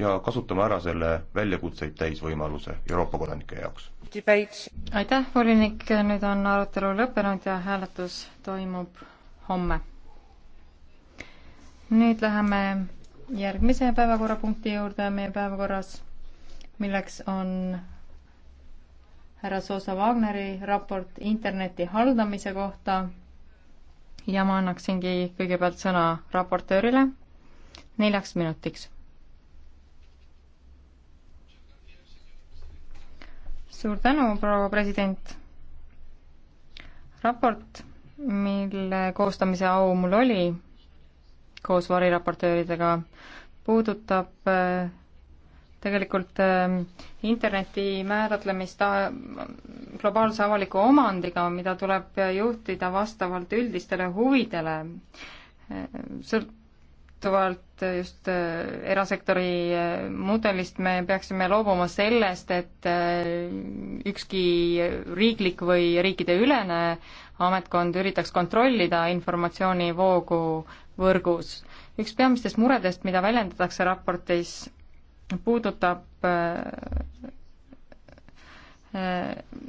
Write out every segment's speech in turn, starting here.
ja kasutama ära selle väljakutseid täis võimaluse Euroopa kodanike jaoks. aitäh, volinik, nüüd on arutelu lõppenud ja hääletus toimub homme. nüüd läheme järgmise päevakorrapunkti juurde meie päevakorras, milleks on härra Soosa Wagneri raport interneti haldamise kohta ja ma annaksingi kõigepealt sõna raportöörile neljaks minutiks suur tänu, proua president. raport, mille koostamise au mul oli koos variraportööridega, puudutab äh, tegelikult äh, interneti määratlemist äh, globaalse avaliku omandiga, mida tuleb juhtida vastavalt üldistele huvidele. sõlt-, lähtuvalt just äh, erasektori äh, mudelist me peaksime loobuma sellest, et äh, ükski riiklik või riikideülene ametkond üritaks kontrollida informatsioonivoogu võrgus. üks peamistest muredest, mida väljendatakse raportis, puudutab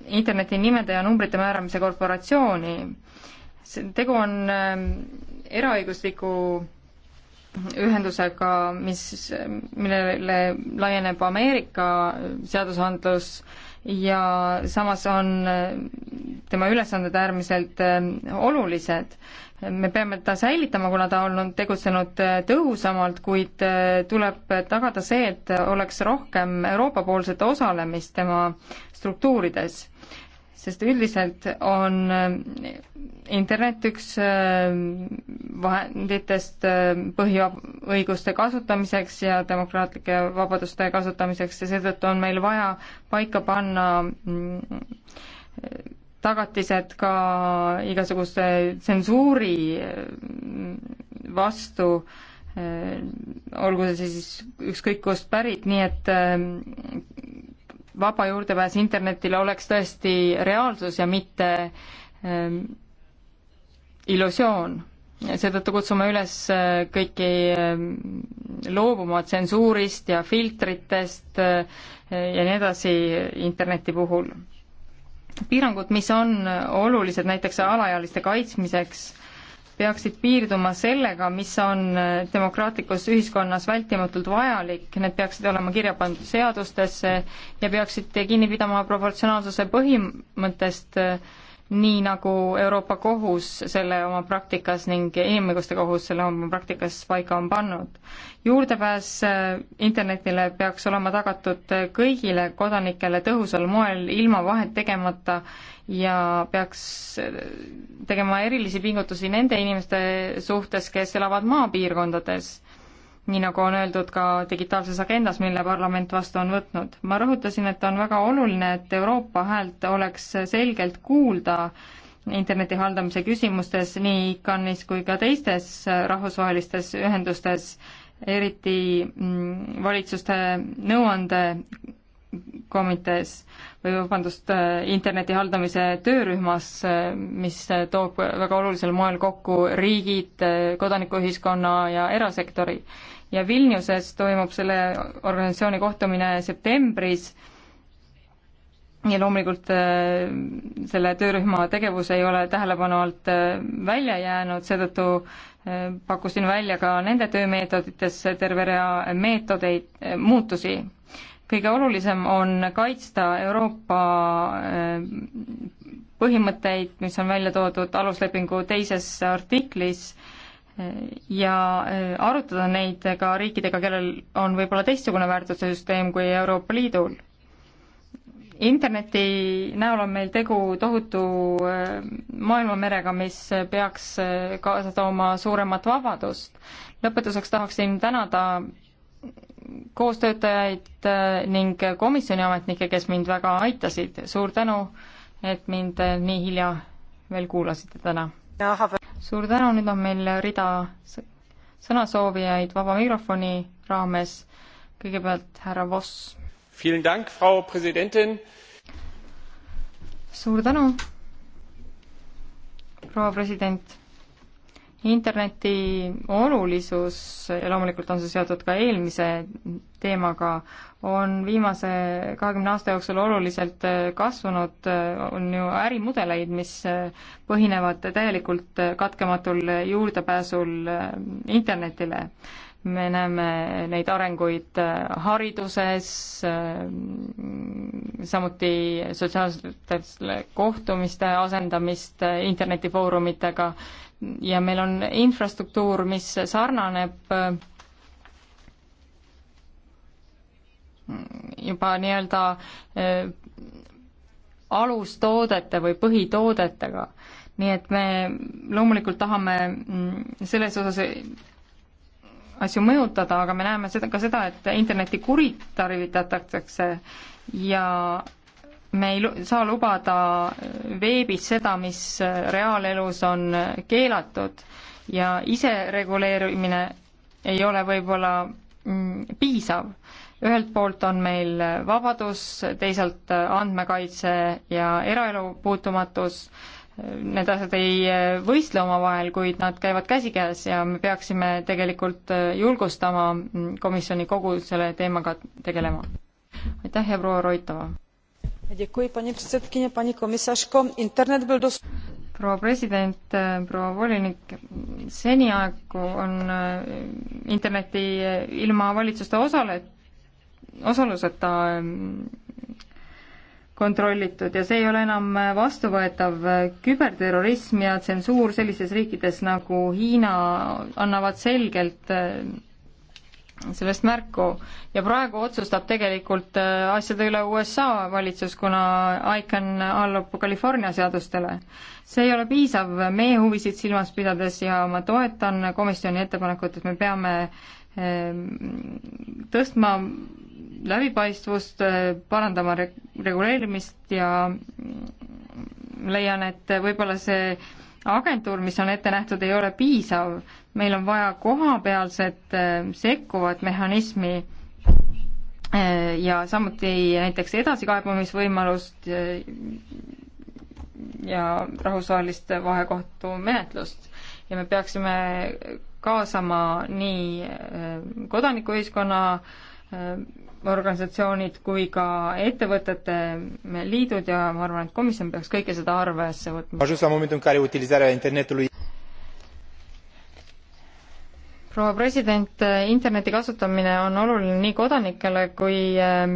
interneti nimede ja numbrite määramise korporatsiooni. tegu on eraõigusliku ühendusega, mis, millele laieneb Ameerika seadusandlus ja samas on tema ülesanded äärmiselt äh, olulised. me peame ta säilitama, kuna ta on tegutsenud äh, tõhusamalt, kuid äh, tuleb tagada see, et oleks rohkem Euroopa-poolset osalemist tema struktuurides sest üldiselt on äh, internet üks äh, vahenditest äh, põhiõiguste kasutamiseks ja demokraatlike vabaduste kasutamiseks ja seetõttu on meil vaja paika panna mm, tagatised ka igasuguse tsensuuri mm, vastu, olgu see siis ükskõik kust pärit, nii et vaba juurdepääs internetile oleks tõesti reaalsus ja mitte ähm, illusioon. seetõttu kutsume üles eh, kõiki ähm, loobuma tsensuurist ja filtritest äh, ja nii edasi interneti puhul. piirangud, mis on olulised näiteks alaealiste kaitsmiseks äh,, peaksid piirduma sellega, mis on demokraatlikus ühiskonnas vältimatult vajalik, need peaksid olema kirja pandud seadustesse ja peaksid kinni pidama proportsionaalsuse põhimõttest äh, nii nagu Euroopa Kohus selle oma praktikas ning Inimõiguste Kohus selle oma praktikas paika on pannud. juurdepääs äh, Internetile peaks olema tagatud äh, kõigile kodanikele tõhusal moel, ilma vahet tegemata ja peaks äh, tegema erilisi pingutusi nende inimeste suhtes, kes elavad maapiirkondades nii nagu on öeldud ka digitaalses agendas, mille parlament vastu on võtnud. ma rõhutasin, et on väga oluline, et Euroopa häält oleks selgelt kuulda interneti haldamise küsimustes nii ICANN-is kui ka teistes rahvusvahelistes ühendustes, eriti mm, valitsuste nõuandekomitees või vabandust, interneti haldamise töörühmas, mis toob väga olulisel moel kokku riigid, kodanikuühiskonna ja erasektori ja Vilniuses toimub selle organisatsiooni kohtumine septembris ja loomulikult äh, selle töörühma tegevus ei ole tähelepanu alt äh, välja jäänud, seetõttu äh, pakkusin välja ka nende töömeetodites terve rea meetodeid, muutusi. kõige olulisem on kaitsta Euroopa põhimõtteid, mis on välja toodud aluslepingu teises artiklis, ja äh, arutada neid ka riikidega, kellel on võib-olla teistsugune väärtuste süsteem kui Euroopa Liidul. interneti näol on meil tegu tohutu äh, maailmamerega, mis peaks äh, kaasa tooma suuremat vabadust. lõpetuseks tahaksin tänada koostöötajaid ning komisjoni ametnikke, kes mind väga aitasid, suur tänu, et mind nii hilja veel kuulasite täna suur tänu, nüüd on meil rida sõnasoovijaid vaba mikrofoni raames. kõigepealt härra Voss. suur tänu, proua president interneti olulisus ja loomulikult on see seotud ka eelmise teemaga, on viimase kahekümne aasta jooksul oluliselt äh, kasvanud, äh, on ju ärimudeleid, mis äh, põhinevad täielikult katkematul juurdepääsul internetile me näeme neid arenguid äh, hariduses, äh, samuti sotsiaalsete kohtumiste asendamist äh, internetifoorumitega ja meil on infrastruktuur, mis sarnaneb juba nii-öelda alustoodete või põhitoodetega. nii et me loomulikult tahame mm, selles osas asju mõjutada, aga me näeme seda, ka seda, et Internetti kuritarvitatakse ja me ei saa lubada veebis seda, mis reaalelus on keelatud ja isereguleerimine ei ole võib-olla mm, piisav. ühelt poolt on meil vabadus, teisalt andmekaitse ja eraelu puutumatus äh,, need asjad ei äh, võistle omavahel, kuid nad käivad käsikäes ja me peaksime tegelikult äh, julgustama mm, komisjoni kogu selle teemaga tegelema. aitäh ja proua Roitova! proua president, äh, proua volinik, seni aegu on interneti ilma valitsuste osale, osaluseta ähm, kontrollitud ja see ei ole enam vastuvõetav. küberterrorism ja tsensuur sellistes riikides nagu Hiina annavad selgelt äh, sellest märku ja praegu otsustab tegelikult äh, asjade üle USA valitsus, kuna ICAN allub California seadustele. see ei ole piisav meie huvisid silmas pidades ja ma toetan komisjoni ettepanekut, et me peame Ehm, tõstma läbipaistvust, eh, parandama reg-, reguleerimist ja leian, et võib-olla see agentuur, mis on ette nähtud, ei ole piisav, meil on vaja kohapealset eh, sekkuvat mehhanismi eh, ja samuti näiteks edasikaebamisvõimalust ja rahvusvahelist vahekohtu menetlust ja me peaksime kaasama nii äh, kodanikuühiskonna äh, organisatsioonid kui ka ettevõtete äh, liidud ja ma arvan, et komisjon peaks kõike seda arvesse võtma proua president, interneti kasutamine on oluline nii kodanikele kui ähm,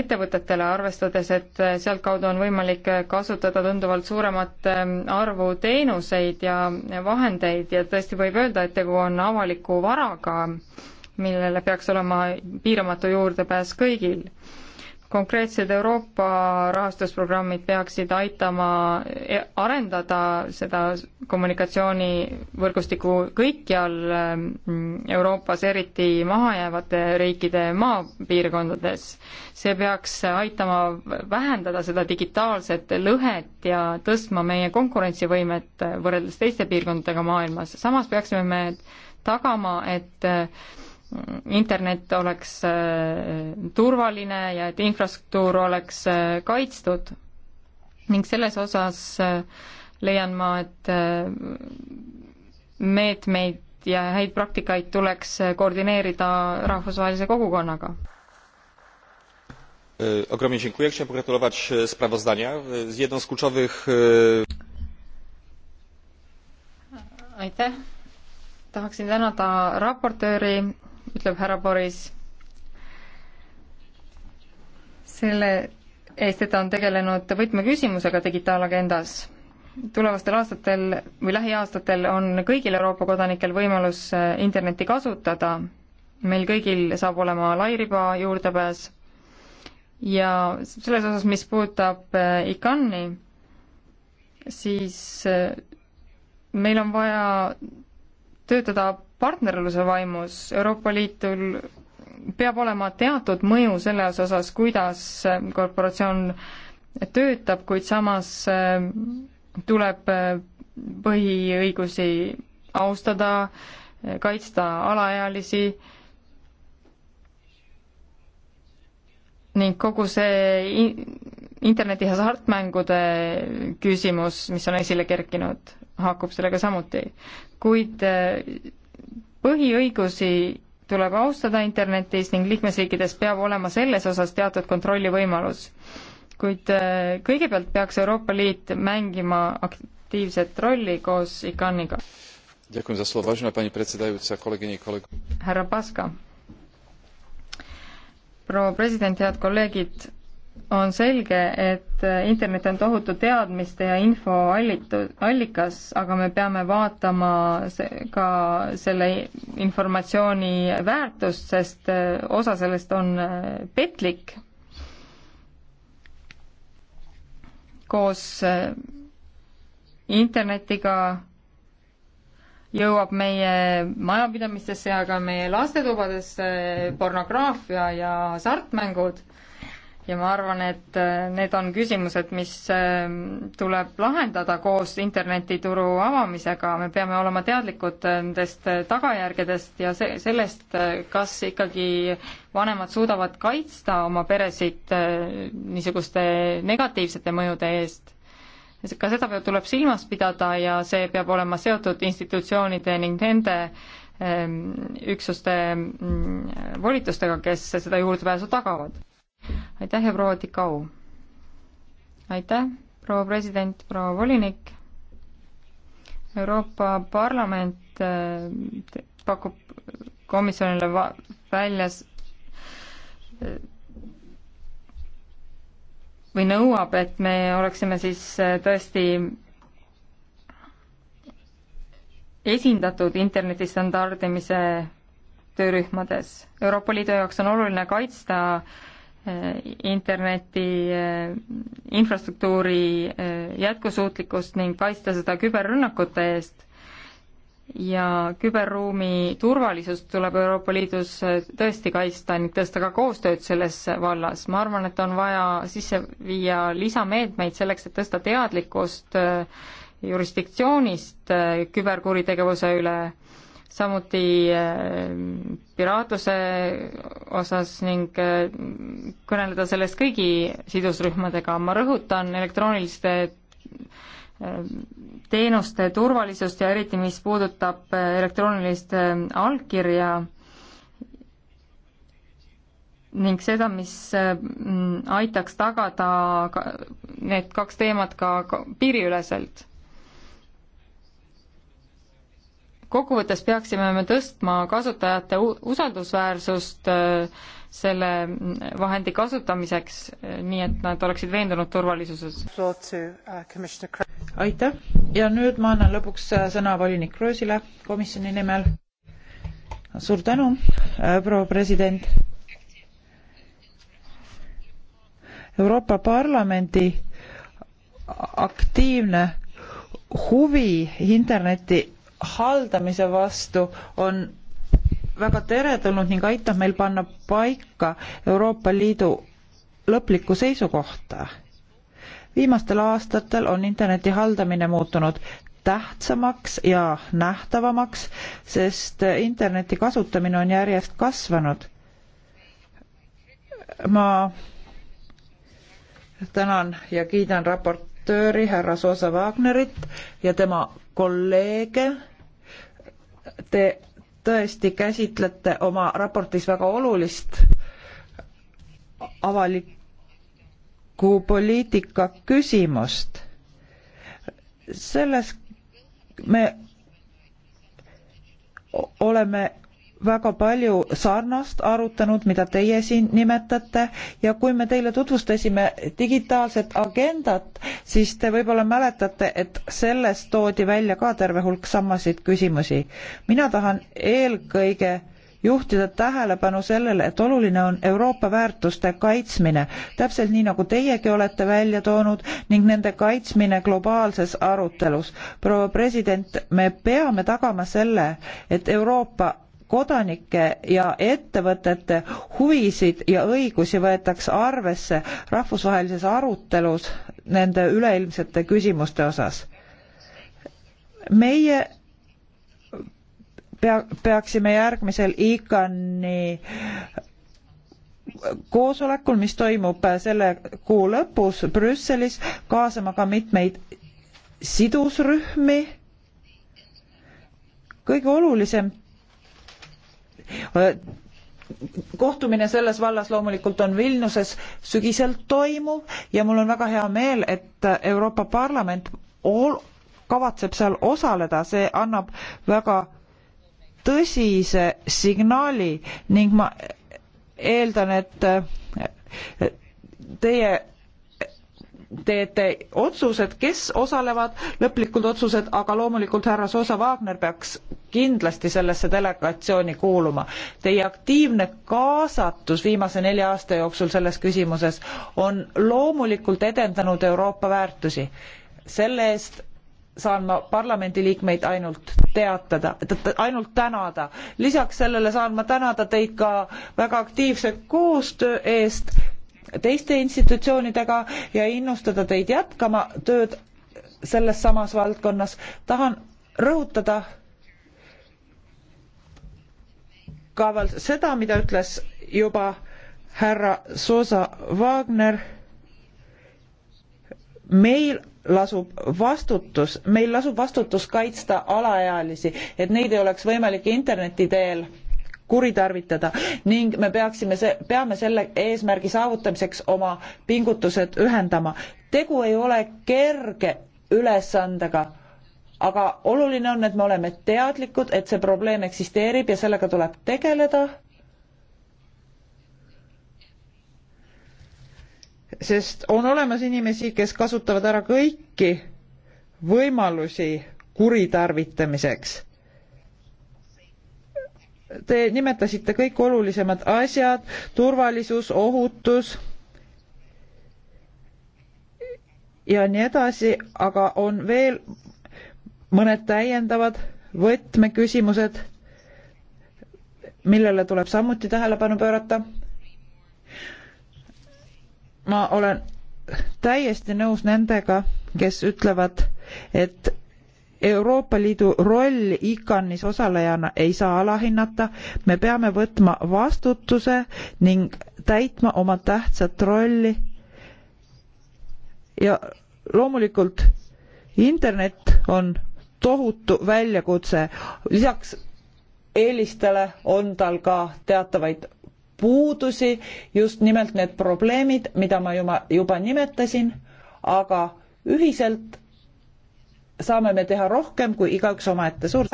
ettevõtetele, arvestades, et äh, sealtkaudu on võimalik äh, kasutada tunduvalt suuremat ähm, arvu teenuseid ja vahendeid ja tõesti võib öelda, et tegu on avaliku varaga, millele peaks olema piiramatu juurdepääs kõigil konkreetsed Euroopa rahastusprogrammid peaksid aitama e-, arendada seda kommunikatsioonivõrgustikku kõikjal ähm, Euroopas, eriti mahajäävate riikide maapiirkondades. see peaks aitama vähendada seda digitaalset lõhet ja tõstma meie konkurentsivõimet võrreldes teiste piirkondadega maailmas. samas peaksime me tagama, et internet oleks äh, turvaline ja et infrastruktuur oleks äh, kaitstud ning selles osas äh, leian ma, et meetmeid ja häid praktikaid tuleks koordineerida rahvusvahelise kogukonnaga. E, ogromnie dziękuję. Chciałem pogratulować e, sprawozdania. E, jedną z kluczowych... Aitäh! Tahaksin tänada raportööri ütleb härra Boris. selle eest, et ta on tegelenud võtmeküsimusega digitaalagendas tulevastel aastatel või lähiaastatel on kõigil Euroopa kodanikel võimalus äh, Internetti kasutada, meil kõigil saab olema lairiba juurdepääs ja selles osas, mis puudutab äh, ICAN-i, siis äh, meil on vaja töötada partnerluse vaimus Euroopa Liitul peab olema teatud mõju selles osas, kuidas korporatsioon töötab, kuid samas eh, tuleb eh, põhiõigusi austada, eh, kaitsta alaealisi ning kogu see interneti hasartmängude küsimus, mis on esile kerkinud, haakub sellega samuti. kuid põhiõigusi tuleb austada internetis ning liikmesriikides peab olema selles osas teatud kontrollivõimalus. kuid äh, kõigepealt peaks Euroopa Liit mängima aktiivset rolli koos ICAN-iga. härra Paska. proua president, head kolleegid, on selge, et äh, internet on tohutu teadmiste ja info allitu-, allikas, aga me peame vaatama ka selle informatsiooni väärtust, sest äh, osa sellest on äh, petlik. koos internetiga jõuab meie majapidamistesse ja ka meie lastetubadesse pornograafia ja hasartmängud ja ma arvan, et äh, need on küsimused, mis ähm, tuleb lahendada koos internetituru avamisega, me peame olema teadlikud äh, nendest äh, tagajärgedest ja se-, sellest, kas ikkagi vanemad suudavad kaitsta oma peresid niisuguste negatiivsete mõjude eest. ka seda peab, tuleb silmas pidada ja see peab olema seotud institutsioonide ning nende ähm, üksuste mm, volitustega, kes seda juurdepääsu tagavad aitäh ja proua Tikau! aitäh, proua president, proua volinik! Euroopa Parlament äh, pakub komisjonile va-, välja äh, või nõuab, et me oleksime siis äh, tõesti esindatud interneti standardimise töörühmades. Euroopa Liidu jaoks on oluline kaitsta äh, Äh, interneti äh, infrastruktuuri äh, jätkusuutlikkust ning kaitsta seda küberrünnakute eest ja küberruumi turvalisust tuleb Euroopa Liidus tõesti kaitsta ning tõsta ka koostööd selles vallas. ma arvan, et on vaja sisse viia lisameetmeid selleks, et tõsta teadlikkust jurisdiktsioonist küberkuritegevuse üle samuti äh, piraatluse osas ning äh, kõneleda sellest kõigi sidusrühmadega. ma rõhutan elektrooniliste äh, teenuste turvalisust ja eriti, mis puudutab elektroonilist allkirja ning seda, mis aitaks tagada need kaks teemat ka piiriüleselt kokkuvõttes peaksime me tõstma kasutajate usaldusväärsust äh, selle vahendi kasutamiseks, äh, nii et nad oleksid veendunud turvalisuses. aitäh ja nüüd ma annan lõpuks äh, sõna volinik Kroosile komisjoni nimel. suur tänu, proua president. Euroopa Parlamendi aktiivne huvi interneti haldamise vastu on väga teretulnud ning aitab meil panna paika Euroopa Liidu lõplikku seisukohta. viimastel aastatel on interneti haldamine muutunud tähtsamaks ja nähtavamaks, sest interneti kasutamine on järjest kasvanud. ma tänan ja kiidan raportööri härra Soosa Wagnerit ja tema kolleege. Te tõesti käsitlete oma raportis väga olulist avaliku poliitika küsimust. selles me oleme väga palju sarnast arutanud, mida teie siin nimetate ja kui me teile tutvustasime digitaalset agendat, siis te võib-olla mäletate, et selles toodi välja ka terve hulk samasid küsimusi. mina tahan eelkõige juhtida tähelepanu sellele, et oluline on Euroopa väärtuste kaitsmine, täpselt nii, nagu teiegi olete välja toonud, ning nende kaitsmine globaalses arutelus. proua president, me peame tagama selle, et Euroopa kodanike ja ettevõtete huvisid ja õigusi võetakse arvesse rahvusvahelises arutelus nende üleilmsete küsimuste osas. meie pea, peaksime järgmisel ICAN-i koosolekul, mis toimub selle kuu lõpus Brüsselis, kaasama ka mitmeid sidusrühmi. kõige olulisem Äh, kohtumine selles vallas loomulikult on Vilniuses sügisel toimuv ja mul on väga hea meel, et Euroopa Parlament kavatseb seal osaleda, see annab väga tõsise signaali ning ma eeldan, et teie teete otsused, kes osalevad, lõplikud otsused, aga loomulikult härra Zosa Wagner peaks kindlasti sellesse delegatsiooni kuuluma. Teie aktiivne kaasatus viimase nelja aasta jooksul selles küsimuses on loomulikult edendanud Euroopa väärtusi. selle eest saan ma parlamendiliikmeid ainult teatada, ainult tänada. lisaks sellele saan ma tänada teid ka väga aktiivse koostöö eest teiste institutsioonidega ja innustada teid jätkama tööd selles samas valdkonnas. tahan rõhutada ka veel seda, mida ütles juba härra Sosa Wagner. meil lasub vastutus, meil lasub vastutus kaitsta alaealisi, et neid ei oleks võimalik interneti teel kuritarvitada ning me peaksime see, peame selle eesmärgi saavutamiseks oma pingutused ühendama. tegu ei ole kerge ülesandega, aga oluline on, et me oleme teadlikud, et see probleem eksisteerib ja sellega tuleb tegeleda. sest on olemas inimesi, kes kasutavad ära kõiki võimalusi kuritarvitamiseks Te nimetasite kõik olulisemad asjad, turvalisus, ohutus ja nii edasi, aga on veel mõned täiendavad võtmeküsimused, millele tuleb samuti tähelepanu pöörata. ma olen täiesti nõus nendega, kes ütlevad, et Euroopa Liidu roll ICANis osalejana ei saa alahinnata, me peame võtma vastutuse ning täitma oma tähtsat rolli. ja loomulikult internet on tohutu väljakutse, lisaks eelistele on tal ka teatavaid puudusi, just nimelt need probleemid, mida ma juba, juba nimetasin, aga ühiselt saame me teha rohkem kui igaüks omaette. suur,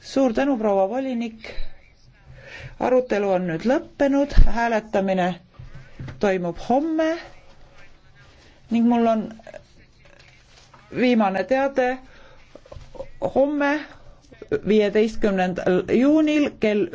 suur tänu, proua volinik. arutelu on nüüd lõppenud, hääletamine toimub homme ning mul on viimane teade. homme, viieteistkümnendal juunil kell